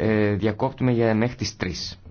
Ε, διακόπτουμε για μέχρι τις 3.